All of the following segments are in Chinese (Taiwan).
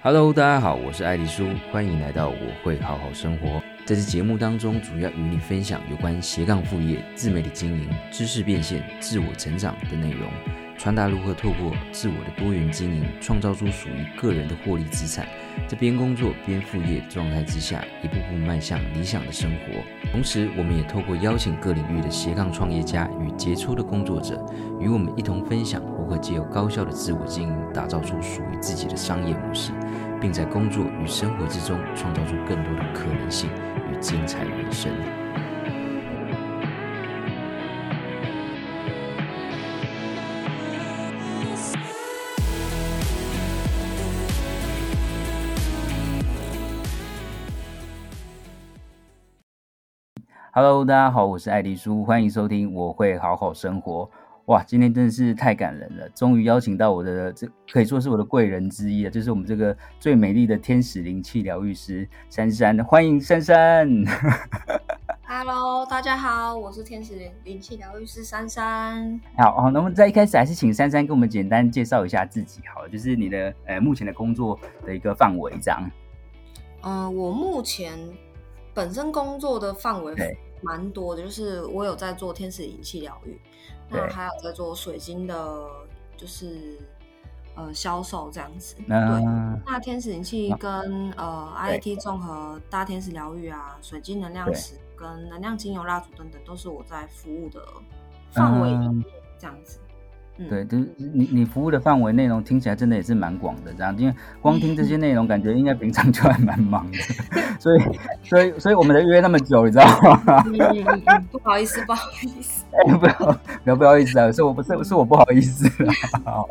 Hello，大家好，我是艾迪蘇，歡迎來到我會好好生活。在這節目當中，主要與你分享有關斜槓副業、自媒體經營、知識變現、自我成長的內容，傳達如何透過自我的多元經營，創造出屬於個人的獲利資產，在邊工作邊副業的狀態之下，一步步邁向理想的生活。同時，我們也透過邀請各領域的斜槓創業家與傑出的工作者，與我們一同分享如何借由高效的自我經營，打造出屬於自己的商業模式，並在工作與生活之中創造出更多的可能性。精彩人生。Hello，大家好，我是艾迪蘇，歡迎收聽，我會好好生活。哇，今天真的是太感人了！終於邀請到我的這，可以說是我的貴人之一了，就是我們這個最美麗的天使靈氣療癒師33，歡迎33。 Hello，大家好，我是天使靈氣療癒師33。好。好，那麼在一開始還是請33跟我們簡單介紹一下自己，好，就是你的呃目前的工作的一個範圍這樣。嗯、呃，我目前本身工作的範圍。蠻多的，就是我有在做天使靈氣療癒，那還有在做水晶的，就是呃銷售這樣子。對，那天使靈氣跟呃 IT 綜合大天使療癒啊，水晶能量石跟能量精油蠟燭等等，都是我在服務的範圍裡面這樣子。Uh, 對，就是你你服務的範圍內容聽起來真的也是蠻廣的，這樣，因為光聽這些內容，嗯，感覺應該平常就還蠻忙的，所以所以所以我們才約那麼久，你知道嗎？不好意思，不好意思，哎 意， 不不不好意思啊，是我不是我是我不好意思，啊，好，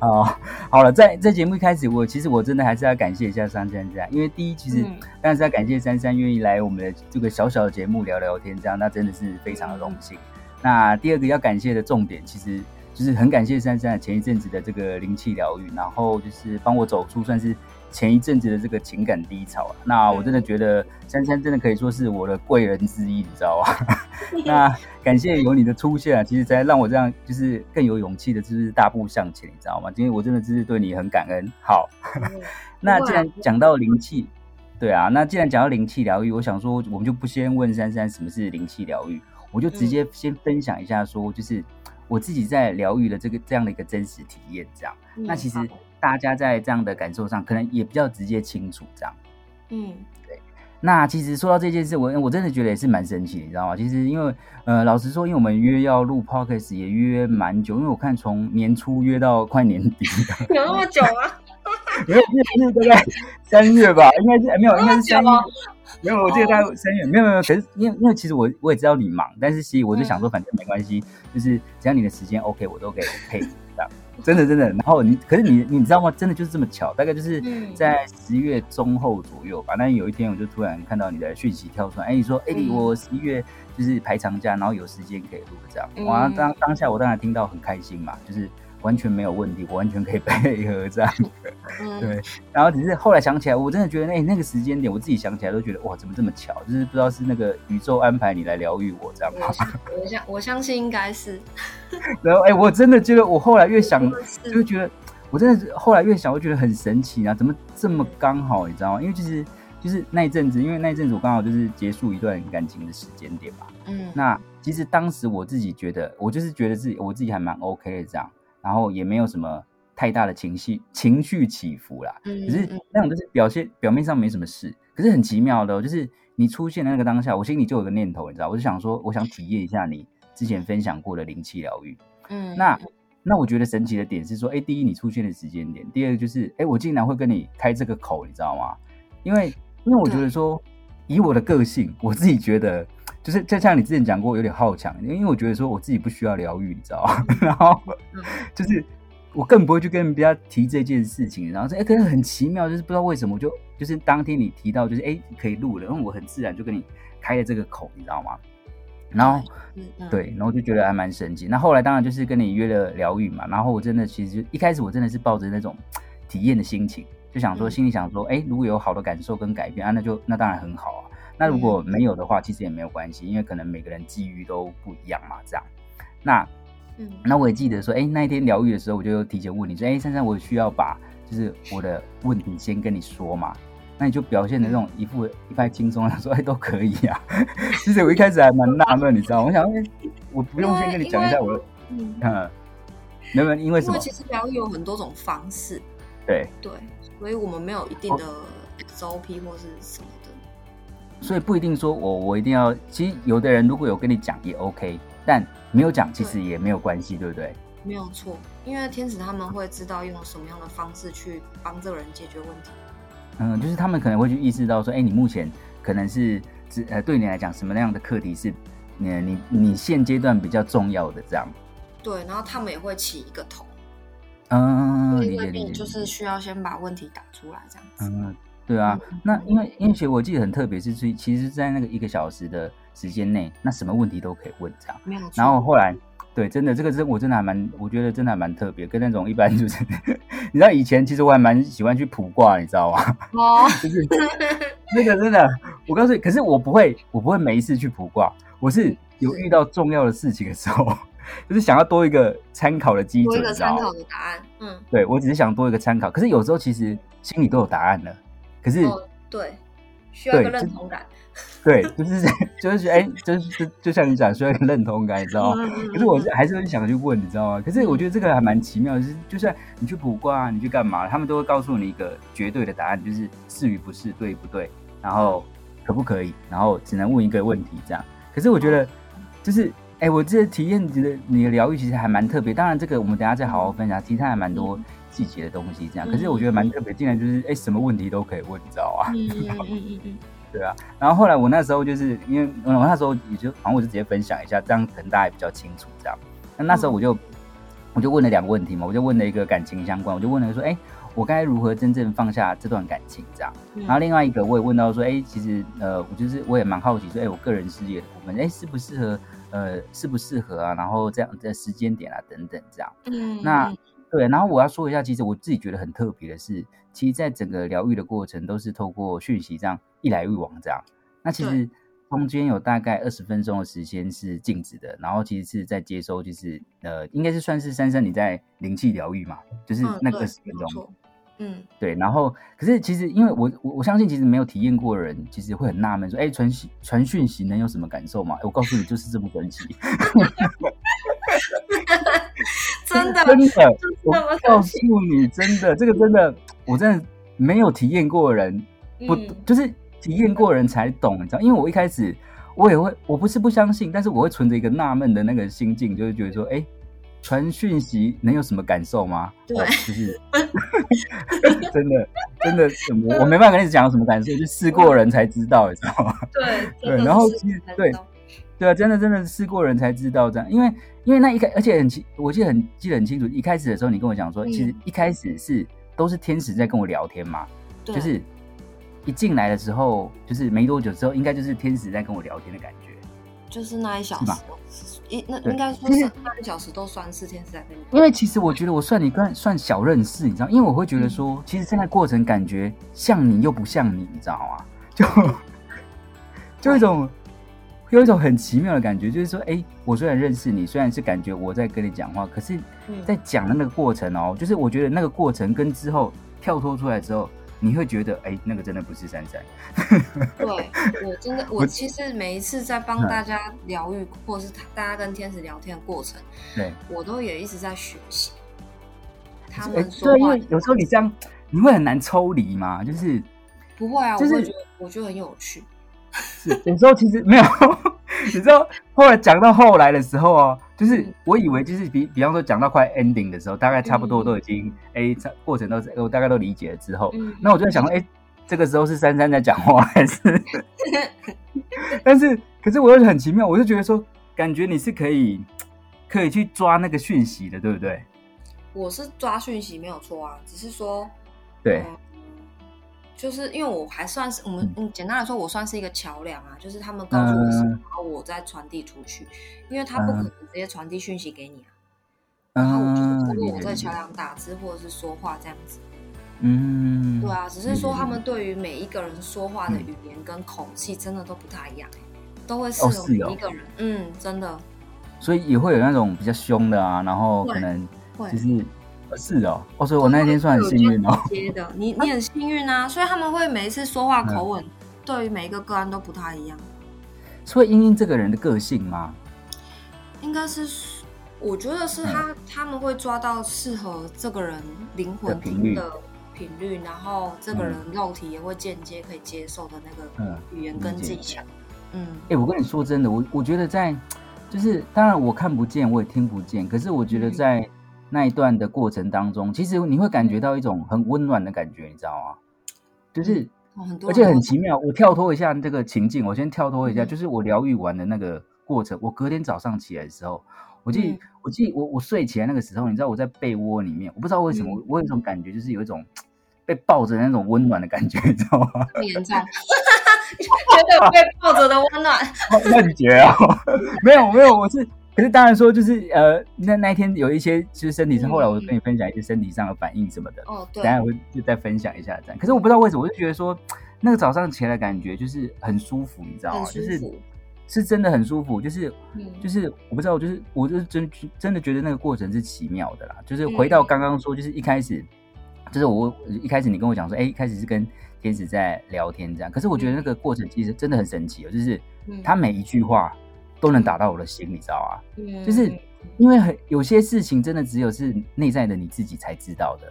好，好了，在在節目一開始，我其實我真的還是要感謝一下33這樣，因為第一，其實但是要感謝33願意來我們的這個小小的節目聊聊天，這樣，那真的是非常的榮幸，嗯。那第二個要感謝的重點，其實。就是很感謝33前一陣子的這個靈氣療癒，然後就是幫我走出算是前一陣子的這個情感低潮啊。那我真的覺得33真的可以說是我的貴人之一，你知道嗎？ 那感謝有你的出現啊！其實才讓我這樣就是更有勇氣的，就是大步向前，你知道嗎？今天我真的就是對你很感恩。好， 那既然講到靈氣，對啊，那既然講到靈氣療癒，我想說我們就不先問33什麼是靈氣療癒，我就直接先分享一下說就是。我自己在療癒的這個這樣的一個真實體驗，這樣，那其實大家在這樣的感受上，可能也比較直接清楚，這樣。嗯，對。那其實說到這件事，我我真的覺得也是蠻神奇，你知道嗎？其實因為，呃，老實說，因為我們約要錄 podcast 也約蠻久，因為我看從年初約到快年底， 有那麼久嗎？啊？沒有，是大概三月吧，應該是沒有，應該是三月沒有，我記得大概三月，oh. 沒有沒有，可是因為因為其實我我也知道你忙，但是其實我就想說，反正沒關係、嗯，就是只要你的時間 OK，我都給、OK, 配、OK, 這樣，真的真的。然後你，可是你、嗯、你知道嗎？真的就是這麼巧，大概就是在十月中後左右吧。那有一天我就突然看到你的訊息跳出來，哎、欸，你說哎，欸、我十一月就是排長假，然後有時間可以錄這樣，哇，當當下我當然聽到很開心嘛，就是。完全沒有問題，我完全可以配合這樣、 嗯、對，然後只是後來想起來，我真的覺得，哎、欸，那個時間點，我自己想起來都覺得，哇，怎麼這麼巧？就是不知道是那個宇宙安排你來療癒我這樣嗎？我相我,我相信應該是。 然後，哎、欸，我真的覺得我後來越想，是是就覺得我真的是後來越想，我覺得很神奇啊，怎麼這麼剛好？你知道嗎？因為其實就是那一陣子，因為那一陣子我剛好就是結束一段感情的時間點嘛。嗯，那其實當時我自己覺得，我就是覺得自己我自己還蠻 OK 的這樣。然後也沒有什麼太大的情緒情緒起伏啦，嗯嗯，可是那種就是表現表面上沒什麼事，可是很奇妙的哦，就是你出現的那個當下，我心裡就有個念頭，你知道，我就想說，我想體驗一下你之前分享過的靈氣療癒，嗯，那那我覺得神奇的點是說，哎，第一你出現的時間點，第二就是，哎，我竟然會跟你開這個口，你知道嗎？因為因為我覺得說，嗯，以我的個性，我自己覺得。就是，就像你之前講過，有點好強，因為我覺得說我自己不需要療癒，你知道嗎？ 然後，就是我更不會去跟別人提這件事情。然後說，哎，可是很奇妙，就是不知道為什麼我就，就就是當天你提到，就是哎，可以錄了，因為我很自然就跟你開了這個口，你知道嗎？然後，對，然後就覺得還蠻神奇。那後來當然就是跟你約了療癒嘛。然後，我真的其實一開始我真的是抱着那種體驗的心情，就想說心裡想說，哎，如果有好的感受跟改變啊，那就那當然很好啊。那如果沒有的話，嗯、其實也沒有關係，因為可能每個人際遇都不一樣嘛，這樣。那，嗯，那我也記得說，哎、欸，那一天療癒的時候，我就提前問你，說，哎、欸，33，我需要把就是我的問題先跟你說嘛？那你就表現的這種一副一派輕鬆，說，哎、欸，都可以啊。 其實我一開始還蠻納悶，你知道，我想，欸、我不用先跟你講一下我，嗯，那。不因，因為什麼？其實療癒有很多種方式，對對，所以我們沒有一定的 SOP 或是什麼。所以不一定說我，我我一定要。其實有的人如果有跟你講也 OK，但沒有講其實也沒有關係，對不對？沒有錯，因為天使他們會知道用什麼樣的方式去幫這個人解決問題。嗯，就是他們可能會去意識到說，哎、欸，你目前可能是只呃，對你來講什麼那樣的課題是，呃，你你現階段比較重要的這樣。對，然後他們也會起一個頭。嗯，對，就是需要先把問題打出來這樣子。嗯。對啊，那因為因為其實我記得很特別，是其實，在那個一個小時的時間內，那什麼問題都可以問這樣。然後後來，對，真的這個真我真的還蠻，我覺得真的還蠻特別，跟那種一般就是， 你知道以前其實我還蠻喜歡去卜卦，你知道嗎？哦。 就是那個真的， 我告訴你，可是我不會，我不會沒事去卜卦，我是有遇到重要的事情的時候， 就是想要多一個參考的基準，多一個參考的答案。嗯。對，我只是想多一個參考，可是有時候其實心裡都有答案了。可是，oh, 對，需要個認同感，對，就是就是，哎、就是欸，就是就，就像你講，需要個認同感，你知道嗎？可是我還是會想去問，你知道嗎？可是我覺得這個還蠻奇妙，就是，就算你去卜卦，啊，你去幹嘛，他們都會告訴你一個絕對的答案，就是是與不是，對與不對，然後可不可以，然後只能問一個問題這樣。可是我覺得，就是，哎、欸，我這體驗覺得，你的療癒其實還蠻特別。當然，這個我們等下再好好分享，其他還蠻多。嗯細節的東西這樣，可是我覺得蠻特別，竟然就是哎、欸，什麼問題都可以問、啊，你知道嗎？對啊。然後後來我那時候就是因為，我那時候也就，好像我就直接分享一下，這樣可能大家也比較清楚，這樣。那那時候我就、嗯、我就問了兩個問題嘛，我就問了一個感情相關，我就問了說，哎、欸，我該如何真正放下這段感情？這樣、嗯。然後另外一個我也問到說，哎、欸，其實呃，我就是我也蠻好奇說，哎、欸，我個人事業的部分，哎、欸，適不適合？呃，適不適合啊？然後這樣在、這個、時間點啊等等這樣。嗯。那。對，然後我要說一下，其實我自己覺得很特別的是，其實在整個療癒的過程都是透過訊息這樣一來一往這樣。那其實中間有大概二十分鐘的時間是靜止的，然後其實是在接收，就是呃，應該是算是33你在靈氣療癒嘛，就是那二十分鐘嗯。嗯，對。然後，可是其實因為我我相信，其實沒有體驗過的人，其實會很納悶說，哎，傳傳訊息能有什麼感受嗎？我告訴你，就是這麼神奇。 真的， 真的真的，我告訴你，真的這個真的，我真的沒有體驗過人，不，嗯、就是體驗過人才懂，你知道？因為我一開始我也會，我不是不相信，但是我會存着一個納悶的那個心境，就是覺得說，哎、欸，傳訊息能有什麼感受嗎？對，哦、就是 真的真的什麼，我沒辦法跟你講什麼感受，就試過人才知道，你知道嗎？對 對，然後其實對。對對啊，真的真的是試過人才知道這樣，因為因為那一開，而且很清，我記得很記得很清楚，一開始的時候你跟我講說、嗯，其實一開始是都是天使在跟我聊天嘛，對就是一進來的時候，就是沒多久之後，應該就是天使在跟我聊天的感覺，就是那一小時，一那應該說是半個小時都算是天使在跟你。因為其實我覺得我算你跟算小認識，你知道，因為我會覺得說，嗯、其實現在過程感覺像你又不像你，你知道嗎？就、嗯、 就一種。嗯嗯有一種很奇妙的感覺，就是說，哎、欸，我雖然認識你，雖然是感覺我在跟你講話，可是，在講的那個過程哦、喔嗯，就是我覺得那個過程跟之後跳脫出來之後，你會覺得，哎、欸，那個真的不是33。對，我真的，我其實每一次在幫大家療癒，或是大家跟天使聊天的過程，對，我都也一直在學習。他們說話的，欸、有時候你這樣，你會很難抽離嗎？就是不會啊、就是，我會覺得，我覺得很有趣。 你說其實沒有，你知道，後來講到後來的時候哦、喔，就是我以為就是比比方說講到快 ending 的時候，大概差不多都已經哎，過程都是我大概都理解了之後，嗯、那我就在想說，哎、嗯欸，這個時候是33在講話還是？ 但是可是我又很奇妙，我就覺得說，感覺你是可以可以去抓那個訊息的，對不對？我是抓訊息沒有錯啊，只是說對。就是因為我還算是我們嗯、嗯，簡單來說，我算是一個橋樑啊。就是他們告訴我什麼，我再傳遞出去、呃，因為他不可能直接傳遞訊息給你啊。呃、然後我就通過、呃、我在橋樑打字、呃、或者是說話這樣子。嗯，對啊，只是說他們對於每一個人說話的語言跟口氣真的都不太一樣、欸，都會適合你一個人、哦哦。嗯，真的。所以也會有那種比較兇的啊，然後可能就是。會是哦、哦哦，所以我那一天算很幸運哦。接、嗯、的、嗯嗯，你你很幸運啊，啊，所以他們會每一次說話口吻，嗯、對於每一個個案都不太一樣。所以因應這個人的個性嗎？應該是，我覺得是他、嗯、他們會抓到適合這個人靈魂聽的頻率，頻率，然後這個人肉體也會間接可以接受的那個語言跟技巧。嗯，哎、嗯嗯欸，我跟你說真的，我我覺得在就是當然我看不見，我也聽不見，可是我覺得在。嗯那一段的過程當中，其實你會感覺到一種很溫暖的感覺，你知道嗎？就是，而且很奇妙。我跳脫一下這個情境，我先跳脫一下，就是我療癒完的那個過程。我隔天早上起來的時候，我記得、嗯，我記我我睡起來那個時候，你知道我在被窩裡面，我不知道為什麼，嗯、我有一種感覺，就是有一種被抱着的那種溫暖的感覺，你知道嗎？不嚴重？哈哈，覺得被抱着的溫暖？ 那你覺得啊。 沒有，沒有，我是。可是當然說，就是呃，那那一天有一些，其、就、實、是、身體是後來我跟你分享一些身體上的反應什麼的，哦、嗯，對、嗯，等下我會就再分享一下這樣、哦。可是我不知道為什麼，我就覺得說那個早上起來的感覺就是很舒服，你知道嗎、嗯？就是是真的很舒服，就是、嗯、就是我不知道，就是、我就是我就是真真的覺得那個過程是奇妙的啦。就是回到剛剛說，就是一開始，嗯、就是我一開始你跟我講說，哎、欸，一開始是跟天使在聊天這樣。可是我覺得那個過程其實真的很神奇哦、喔，就是他、嗯、每一句話。都能打到我的心，你知道啊？嗯，就是因為很有些事情真的只有是內在的你自己才知道的，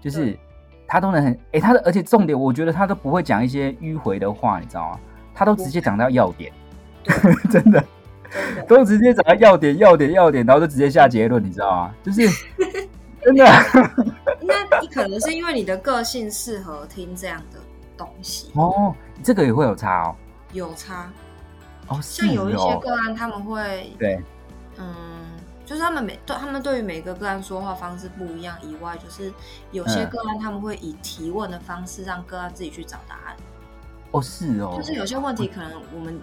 就是他都能很哎、欸，他的而且重點，我覺得他都不會講一些迂回的話，你知道嗎？他都直接講到要點，嗯、 真的，真的都直接講到要點，要點，要點，然後就直接下結論，你知道嗎？就是 真的， 那你可能是因為你的個性適合聽這樣的東西哦，這個也會有差哦，有差。像有一些個案，他們會，對，嗯，就是他們每對，他們對於每個個案說話方式不一樣以外，就是有些個案他們會以提問的方式讓個案自己去找答案。哦，是哦，就是有些問題可能我們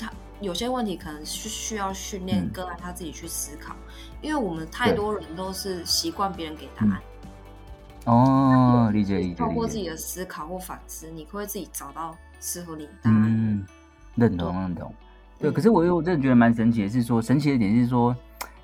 他有些問題可能需要訓練個案他自己去思考、嗯，因為我們太多人都是習慣別人給答案。嗯、哦，理，理解，透過自己的思考或反思，你會自己找到適合你的答案。嗯。認同認同，對。可是我又真的覺得蠻神奇的，是說、嗯、神奇的點是說，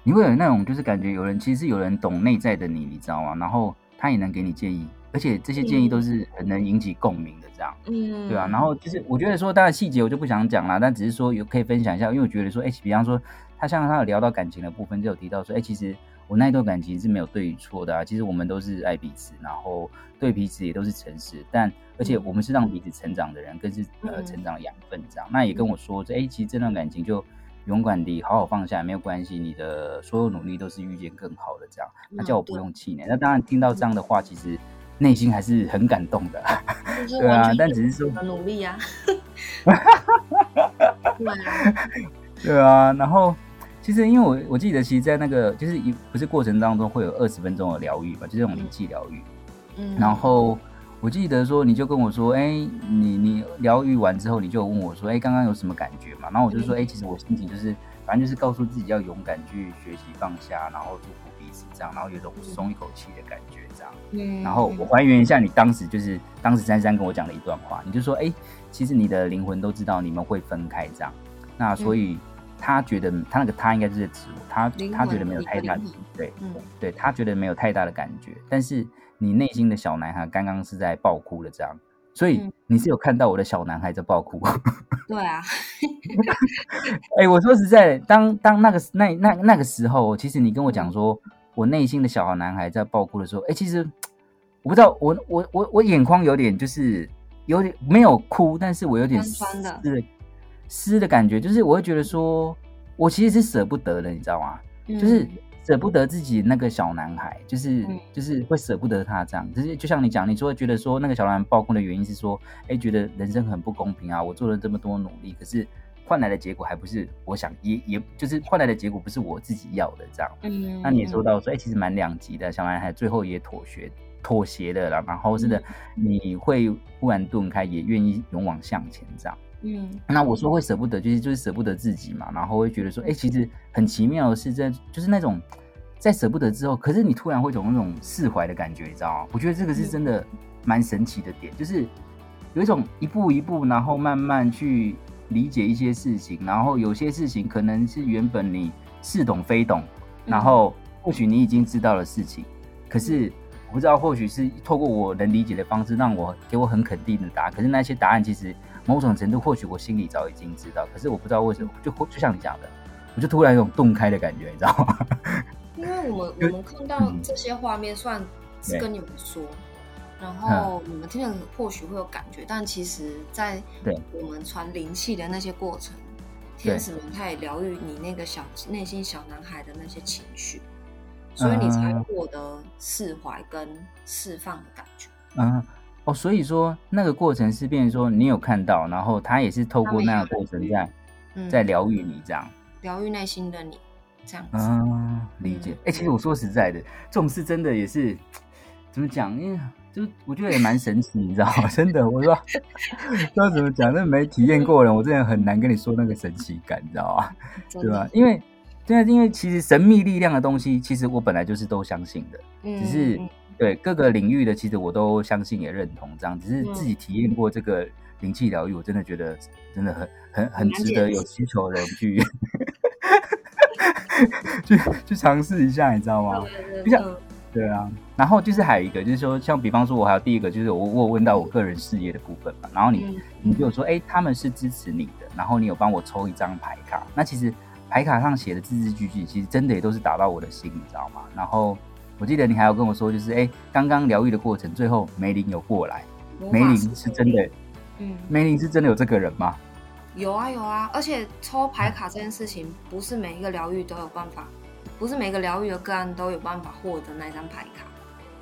你會有那種就是感覺有人其實是有人懂內在的你，你知道嗎？然後他也能給你建議，而且這些建議都是很能引起共鳴的，這樣，嗯，對啊，然後就是我覺得說，他的細節我就不想講了，但只是說有可以分享一下，因為我覺得說，哎，比方說他像他有聊到感情的部分，就有提到說，哎，其實。我那一段感情是沒有對與錯的啊，其實我們都是愛彼此，然後對彼此也都是誠實，但而且我們是讓彼此成長的人，更是呃成長的養分這樣、嗯。那也跟我說，這、嗯、哎、欸，其實這段感情就勇敢的好好放下，沒有關係，你的所有努力都是遇見更好的這樣。那叫我不用氣餒。那當然聽到這樣的話，嗯、其實內心還是很感動的、啊就是，對啊。但只是說努力呀、啊 啊。對啊，然後。其實，因為我我記得，其實，在那個就是一不是過程當中會有二十分鐘的療癒吧，就是這種靈氣療癒。嗯。然後我記得說，你就跟我說，哎、欸，你你療癒完之後，你就問我說，哎、欸，剛剛有什麼感覺嘛？然後我就說，哎、欸，其實我心情就是，反正就是告訴自己要勇敢去學習放下，然後祝福彼此這樣，然後有種鬆一口氣的感覺這樣。嗯。然後我還原一下，你當時就是當時三三跟我講的一段話，你就說，哎、欸，其實你的靈魂都知道你們會分開這樣。那所以。嗯他覺得他那個他應該是個他他覺得沒有太大對，嗯、對，他覺得沒有太大的感覺。但是你內心的小男孩剛剛是在爆哭的這樣，所以你是有看到我的小男孩在爆哭。嗯、 對啊，哎、 欸，我說實在的，當當那個那那那個時候，其實你跟我講說、嗯、我內心的小男孩在爆哭的時候，哎、欸，其實我不知道，我我我我眼眶有點就是有點沒有哭，但是我有點酸的是的。是的感覺就是，我會覺得說，我其實是捨不得的，你知道嗎？Mm -hmm. 就是捨不得自己那個小男孩，就是、mm -hmm. 就是會捨不得他這樣。就是就像你講，你說覺得說那個小男孩爆哭的原因是說，哎、欸，覺得人生很不公平啊，我做了這麼多努力，可是換來的結果還不是我想，也也就是換來的結果不是我自己要的這樣。Mm -hmm. 那你也說到說，哎、欸，其實蠻兩極的，小男孩最後也妥協妥協的了啦，然後是的，mm -hmm. 你會忽然頓開，也願意勇往向前這樣。嗯，那我說會捨不得，就是就是捨不得自己嘛，然後會覺得說，哎、欸，其實很奇妙的是的，在就是那種在捨不得之後，可是你突然會有一種釋懷的感覺，你知道嗎？我覺得這個是真的蠻神奇的點、嗯，就是有一種一步一步，然後慢慢去理解一些事情，然後有些事情可能是原本你似懂非懂，然後或許你已經知道了事情、嗯，可是我不知道，或許是透過我能理解的方式，讓我給我很肯定的答案，可是那些答案其實。某種程度，或許我心裡早已經知道，可是我不知道為什麼，我就就像你講的，我就突然有種洞開的感覺，你知道嗎？因為我們我們看到這些畫面，算是跟你們說，嗯、然後你們聽了或許會有感覺，嗯、但其實，在我們傳靈氣的那些過程，天使們他也療愈你那個小內心小男孩的那些情緒，所以你才獲得釋懷跟釋放的感覺。嗯。哦、所以說，那個過程是，變成說你有看到，然後他也是透過那個過程在在療癒你，、嗯、你，這樣療癒內心的你，這樣子。啊，理解。哎、嗯欸，其實我說實在的，嗯、這種事真的也是怎麼講？因為就我覺得也蠻神奇， 你知道嗎？真的，我說要 怎麼講？真的沒體驗過人，我真的很難跟你說那個神奇感，你知道嗎？對吧？因為真的、對啊，因為其實神秘力量的東西，其實我本來就是都相信的，只是。嗯嗯對各個領域的，其實我都相信也認同這樣，只是自己體驗過這個靈氣療癒，我真的覺得真的很很很值得有需求的人去，去 去嘗試一下，你知道嗎？對，對，對，對啊，然後就是還有一個，就是說像比方說，我還有第一個，就是我我有問到我個人事業的部分嘛，然後你、嗯、你就有說，誒他們是支持你的，然後你有幫我抽一張牌卡，那其實牌卡上寫的字字句句，其實真的也都是打到我的心，你知道嗎？然後。我記得你還要跟我說，就是哎，剛剛療癒的過程，最後梅林有過來。梅林是真的，嗯，梅林是真的有這個人嗎？有啊有啊，而且抽牌卡這件事情，不是每一個療癒都有辦法，不是每一個療癒的個案都有辦法獲得那張牌卡。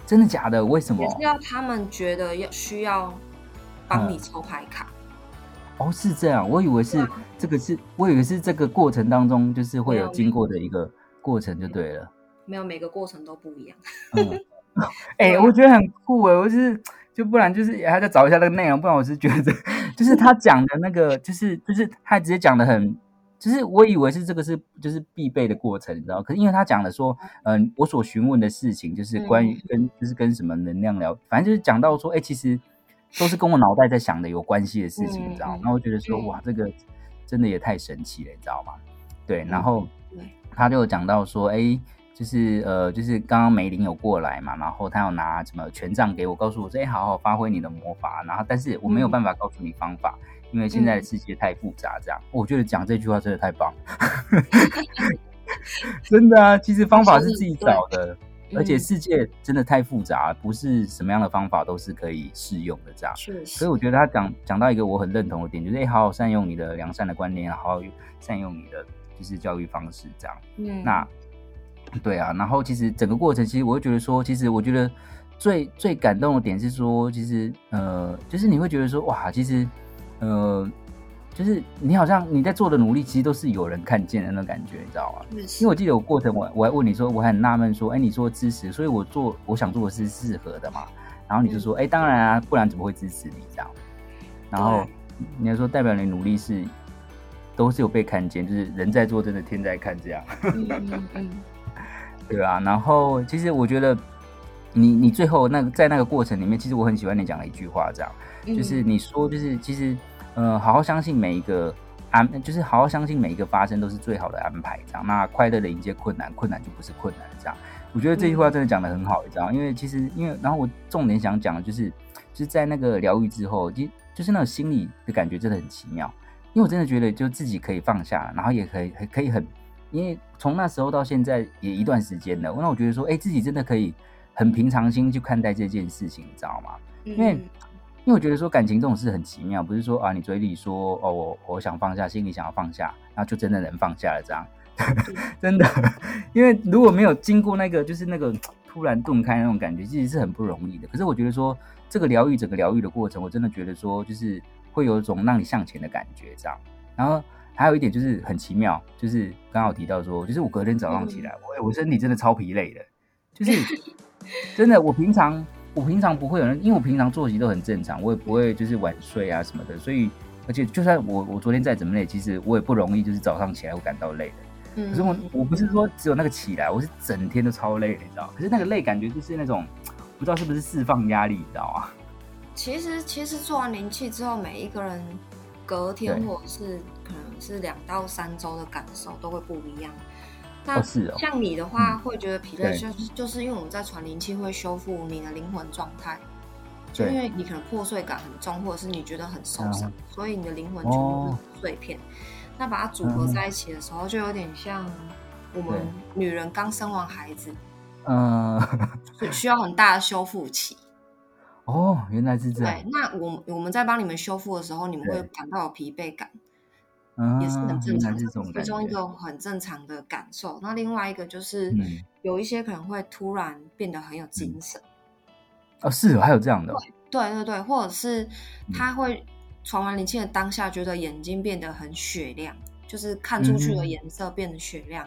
真的假的？為什麼？是要他們覺得要需要幫你抽牌卡，嗯？哦，是這樣，我以為是這個是，嗯，這個是，我以為是這個過程當中，就是會有經過的一個過程就對了。沒有，每個過程都不一樣，哎、 嗯欸啊，我覺得很酷哎、欸，我、就是就不然就是還在找一下那個內容，不然我是覺得就是他講的那個就是就是他直接講的很，就是我以為是這個是就是必備的過程，你知道嗎？可是因為他講的說，嗯、呃，我所詢問的事情就是關於跟、嗯、就是跟什麼能量聊，反正就是講到說，哎、欸，其實都是跟我腦袋在想的有關係的事情，嗯、你知道嗎、嗯嗯？然後我覺得說、嗯，哇，這個真的也太神奇了，你知道嗎？對，嗯嗯、然後他就講到說，哎、欸。就是呃，就是剛剛梅林有過來嘛，然後他要拿什麼權杖給我，告訴我說：“哎、欸，好好發揮你的魔法。”然後，但是我沒有辦法告訴你方法、嗯，因為現在的世界太複雜。這樣、嗯，我覺得講這句話真的太棒了， 真的啊！其實方法是自己找的、嗯，而且世界真的太複雜，不是什麼樣的方法都是可以適用的。這樣，是，是，所以我覺得他講講到一個我很認同的點，就是：“哎、欸，好好善用你的良善的觀念，好好善用你的就是教育方式。”這樣，嗯，那。對啊，然後其實整個過程，其實我會覺得說，其實我覺得最最感動的點是說，其實呃，就是你會覺得說，哇，其實呃，就是你好像你在做的努力，其實都是有人看見的那種感覺，你知道嗎是是？因為我記得有過程我，我我還問你說，我很納悶說，哎，你說支持，所以我做我想做的是適合的嘛，然後你就說，哎，當然啊，不然怎麼會支持你這樣？然後你還說，代表你努力是都是有被看見，就是人在做，真的天在看這樣。嗯嗯嗯 對啊，然後其實我覺得你，你你最後那個在那個過程裡面，其實我很喜歡你講的一句話，這樣、嗯，就是你說，就是其實，呃，好好相信每一個安、啊，就是好好相信每一個發生都是最好的安排，這樣。那快樂的迎接困難，困難就不是困難，這樣。我覺得這句話真的講的很好，你知道，因為其實因為，然後我重點想講就是，就是在那個療癒之後，就就是那種心理的感覺真的很奇妙，因為我真的覺得就自己可以放下，然後也可以可以很。因為從那時候到現在也一段時間了，那我覺得說，誒、欸，自己真的可以很平常心去看待這件事情，你知道嗎？因為、嗯，因為我覺得說感情這種事很奇妙，不是說啊，你嘴裡說哦，我我想放下，心裡想要放下，那就真的能放下了，這樣，嗯、 真的。因為如果沒有經過那個，就是那個突然頓開那種感覺，其實是很不容易的。可是我覺得說，這個療癒整個療癒的過程，我真的覺得說，就是會有一種讓你向前的感覺，這樣。然後。還有一點就是很奇妙，就是剛好提到說，就是我隔天早上起來，嗯、我、欸、我身體真的超疲累的，就是 真的，我平常我平常不會有人，因為我平常作息都很正常，我也不會就是晚睡啊什麼的，所以而且就算我我昨天再怎麼累，其實我也不容易就是早上起來會感到累的。嗯，可是我我不是說只有那個起來，我是整天都超累的，你知道？可是那個累感覺就是那種不知道是不是釋放壓力，你知道嗎？其實其實做完靈氣之後，每一個人隔天或是可能。是兩到三周的感受都會不一樣。那像你的話，會覺得疲憊，就是就是因為我們在傳靈氣會修復你的靈魂狀態。就因為你可能破碎感很重，或者是你覺得很受傷，嗯、所以你的靈魂全部會碎片、哦。那把它組合在一起的時候，就有點像我們女人剛生完孩子。嗯。需要很大的修復期。哦，原來是這樣。對。那我們我們在幫你們修復的時候，你們會感到有疲憊感。啊、也是很正常，其中一個很正常的感受。那另外一個就是、嗯，有一些可能會突然變得很有精神。啊、嗯哦，是、哦、還有這樣的、哦對。對對對，或者是他會傳完靈氣的當下，覺得眼睛變得很雪亮，嗯、就是看出去的顏色變得雪亮。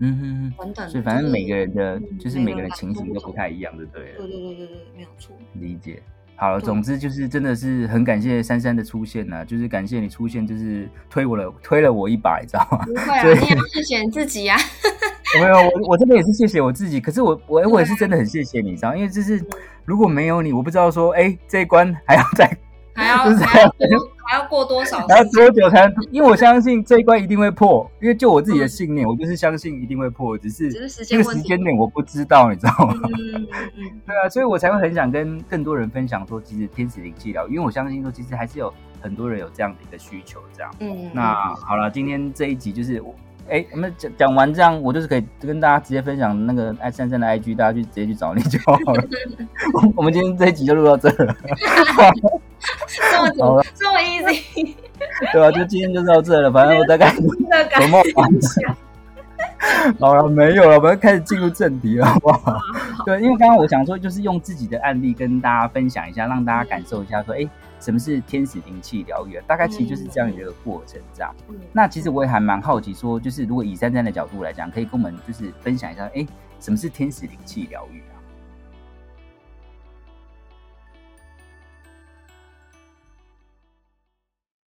嗯哼。等等。所以反正每個人的就是每個人的情形都不太一樣，就對了。對對對對對，沒有錯。理解。好了，總之就是真的是很感謝33的出現呢、啊，就是感謝你出現，就是推我了，推了我一把，你知道嗎？對、啊，啊你也是選自己啊。 沒有，我我這邊也是謝謝我自己，可是我我我也是真的很謝謝你，知道嗎？因為這、就是如果沒有你，我不知道說哎、欸、這一關還要再。還要、就是，還要還要過多少時間？還要多久才？因為我相信這一關一定會破，因為就我自己的信念，嗯、我就是相信一定會破，只是只是時間點我不知道，嗯、你知道嗎、嗯嗯？對啊，所以我才會很想跟更多人分享說，其實天使靈氣療，因為我相信說，其實還是有很多人有這樣的一個需求，這樣。嗯，那好了，今天這一集就是我哎，我們講講完這樣，我就是可以跟大家直接分享那個愛33的 I G，大家去直接去找你就好了。 我們今天這一集就錄到這了。 這麼這麼 easy，對吧、啊？就今天就到這了，反正我大概什麼關係， 好了，沒有了，我們要開始進入正題了，好不好？對，因為剛剛我想說，就是用自己的案例跟大家分享一下，讓大家感受一下，說，哎、嗯欸，什麼是天使靈氣療癒？大概其實就是這樣一個過程，這樣、嗯。那其實我也還蠻好奇，說，就是如果以33的角度來講，可以跟我們就是分享一下，哎、欸，什麼是天使靈氣療癒？